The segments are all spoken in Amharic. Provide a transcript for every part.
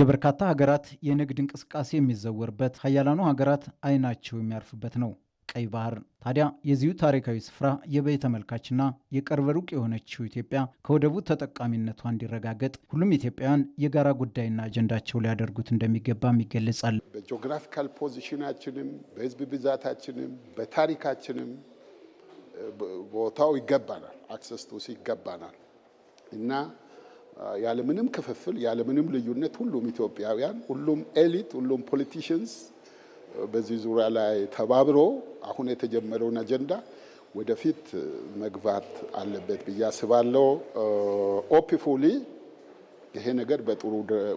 የበርካታ ሀገራት የንግድ እንቅስቃሴ የሚዘወርበት ሀያላኑ ሀገራት አይናቸው የሚያርፍበት ነው ቀይ ባህር። ታዲያ የዚሁ ታሪካዊ ስፍራ የበይ ተመልካችና የቅርብ ሩቅ የሆነችው ኢትዮጵያ ከወደቡ ተጠቃሚነቷ እንዲረጋገጥ ሁሉም ኢትዮጵያውያን የጋራ ጉዳይና አጀንዳቸው ሊያደርጉት እንደሚገባም ይገለጻል። በጂኦግራፊካል ፖዚሽናችንም፣ በህዝብ ብዛታችንም፣ በታሪካችንም ቦታው ይገባናል፣ አክሰስ ቱ ይገባናል እና ያለምንም ክፍፍል ያለምንም ልዩነት ሁሉም ኢትዮጵያውያን፣ ሁሉም ኤሊት፣ ሁሉም ፖለቲሽንስ በዚህ ዙሪያ ላይ ተባብሮ አሁን የተጀመረውን አጀንዳ ወደፊት መግባት አለበት ብዬ አስባለሁ ኦፒፉሊ ይሄ ነገር በጥሩ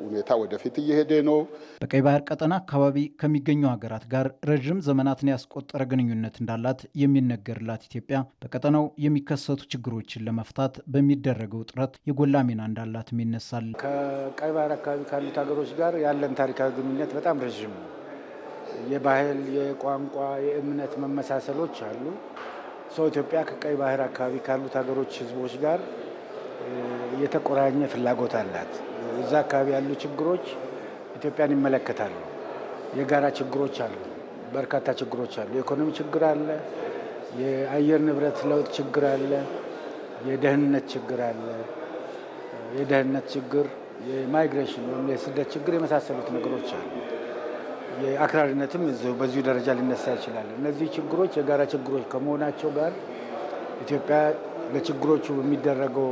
ሁኔታ ወደፊት እየሄደ ነው። በቀይ ባህር ቀጠና አካባቢ ከሚገኙ ሀገራት ጋር ረዥም ዘመናትን ያስቆጠረ ግንኙነት እንዳላት የሚነገርላት ኢትዮጵያ በቀጠናው የሚከሰቱ ችግሮችን ለመፍታት በሚደረገው ጥረት የጎላ ሚና እንዳላትም ይነሳል። ከቀይ ባህር አካባቢ ካሉት ሀገሮች ጋር ያለን ታሪካዊ ግንኙነት በጣም ረዥም ነው። የባህል፣ የቋንቋ፣ የእምነት መመሳሰሎች አሉ። ሰው ኢትዮጵያ ከቀይ ባህር አካባቢ ካሉት ሀገሮች ህዝቦች ጋር የተቆራኘ ፍላጎት አላት። እዛ አካባቢ ያሉ ችግሮች ኢትዮጵያን ይመለከታሉ። የጋራ ችግሮች አሉ። በርካታ ችግሮች አሉ። የኢኮኖሚ ችግር አለ። የአየር ንብረት ለውጥ ችግር አለ። የደህንነት ችግር አለ። የደህንነት ችግር፣ የማይግሬሽን ወይም የስደት ችግር የመሳሰሉት ነገሮች አሉ። የአክራሪነትም በዚሁ ደረጃ ሊነሳ ይችላል። እነዚህ ችግሮች የጋራ ችግሮች ከመሆናቸው ጋር ኢትዮጵያ ለችግሮቹ የሚደረገው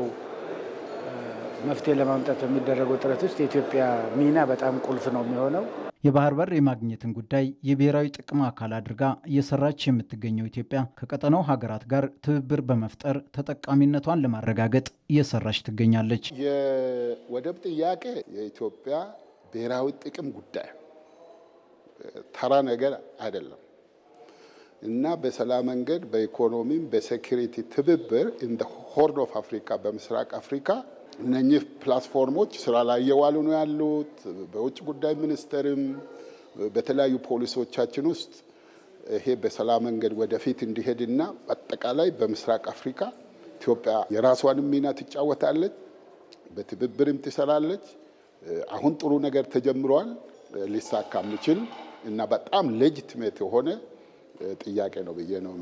መፍትሄ ለማምጣት በሚደረገው ጥረት ውስጥ የኢትዮጵያ ሚና በጣም ቁልፍ ነው የሚሆነው። የባህር በር የማግኘትን ጉዳይ የብሔራዊ ጥቅም አካል አድርጋ እየሰራች የምትገኘው ኢትዮጵያ ከቀጠናው ሀገራት ጋር ትብብር በመፍጠር ተጠቃሚነቷን ለማረጋገጥ እየሰራች ትገኛለች። የወደብ ጥያቄ የኢትዮጵያ ብሔራዊ ጥቅም ጉዳይ ተራ ነገር አይደለም እና በሰላም መንገድ በኢኮኖሚም በሴኪሪቲ ትብብር ኢን ሆርን ኦፍ አፍሪካ በምስራቅ አፍሪካ እነኚህ ፕላትፎርሞች ስራ ላይ እየዋሉ ነው ያሉት። በውጭ ጉዳይ ሚኒስቴርም በተለያዩ ፖሊሲዎቻችን ውስጥ ይሄ በሰላም መንገድ ወደፊት እንዲሄድና አጠቃላይ በምስራቅ አፍሪካ ኢትዮጵያ የራሷንም ሚና ትጫወታለች፣ በትብብርም ትሰራለች። አሁን ጥሩ ነገር ተጀምረዋል። ሊሳካ የሚችል እና በጣም ሌጅትሜት የሆነ ጥያቄ ነው ብዬ ነው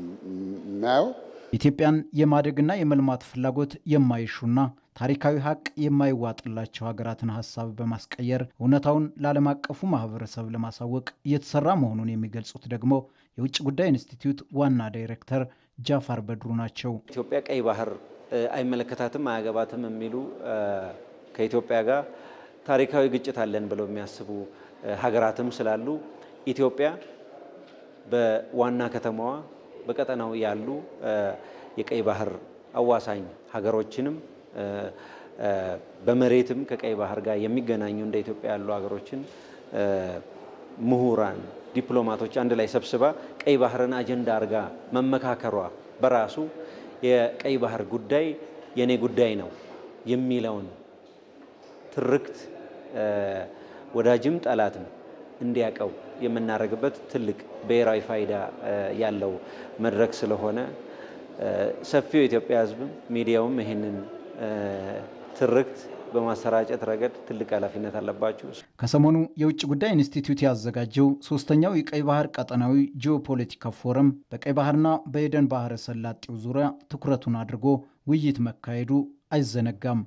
የማየው። ኢትዮጵያን የማደግና የመልማት ፍላጎት የማይሹና ታሪካዊ ሀቅ የማይዋጥላቸው ሀገራትን ሀሳብ በማስቀየር እውነታውን ለዓለም አቀፉ ማህበረሰብ ለማሳወቅ እየተሰራ መሆኑን የሚገልጹት ደግሞ የውጭ ጉዳይ ኢንስቲትዩት ዋና ዳይሬክተር ጃፋር በድሩ ናቸው። ኢትዮጵያ ቀይ ባህር አይመለከታትም፣ አያገባትም የሚሉ ከኢትዮጵያ ጋር ታሪካዊ ግጭት አለን ብለው የሚያስቡ ሀገራትም ስላሉ ኢትዮጵያ በዋና ከተማዋ በቀጠናው ያሉ የቀይ ባህር አዋሳኝ ሀገሮችንም በመሬትም ከቀይ ባህር ጋር የሚገናኙ እንደ ኢትዮጵያ ያሉ ሀገሮችን ምሁራን፣ ዲፕሎማቶች አንድ ላይ ሰብስባ ቀይ ባህርን አጀንዳ አድርጋ መመካከሯ በራሱ የቀይ ባህር ጉዳይ የኔ ጉዳይ ነው የሚለውን ትርክት ወዳጅም ጠላትም እንዲያውቀው የምናደርግበት ትልቅ ብሔራዊ ፋይዳ ያለው መድረክ ስለሆነ ሰፊው የኢትዮጵያ ሕዝብም ሚዲያውም ይህንን ትርክት በማሰራጨት ረገድ ትልቅ ኃላፊነት አለባቸው። ከሰሞኑ የውጭ ጉዳይ ኢንስቲትዩት ያዘጋጀው ሶስተኛው የቀይ ባህር ቀጠናዊ ጂኦፖለቲካ ፎረም በቀይ ባህርና በኤደን ባህረ ሰላጤው ዙሪያ ትኩረቱን አድርጎ ውይይት መካሄዱ አይዘነጋም።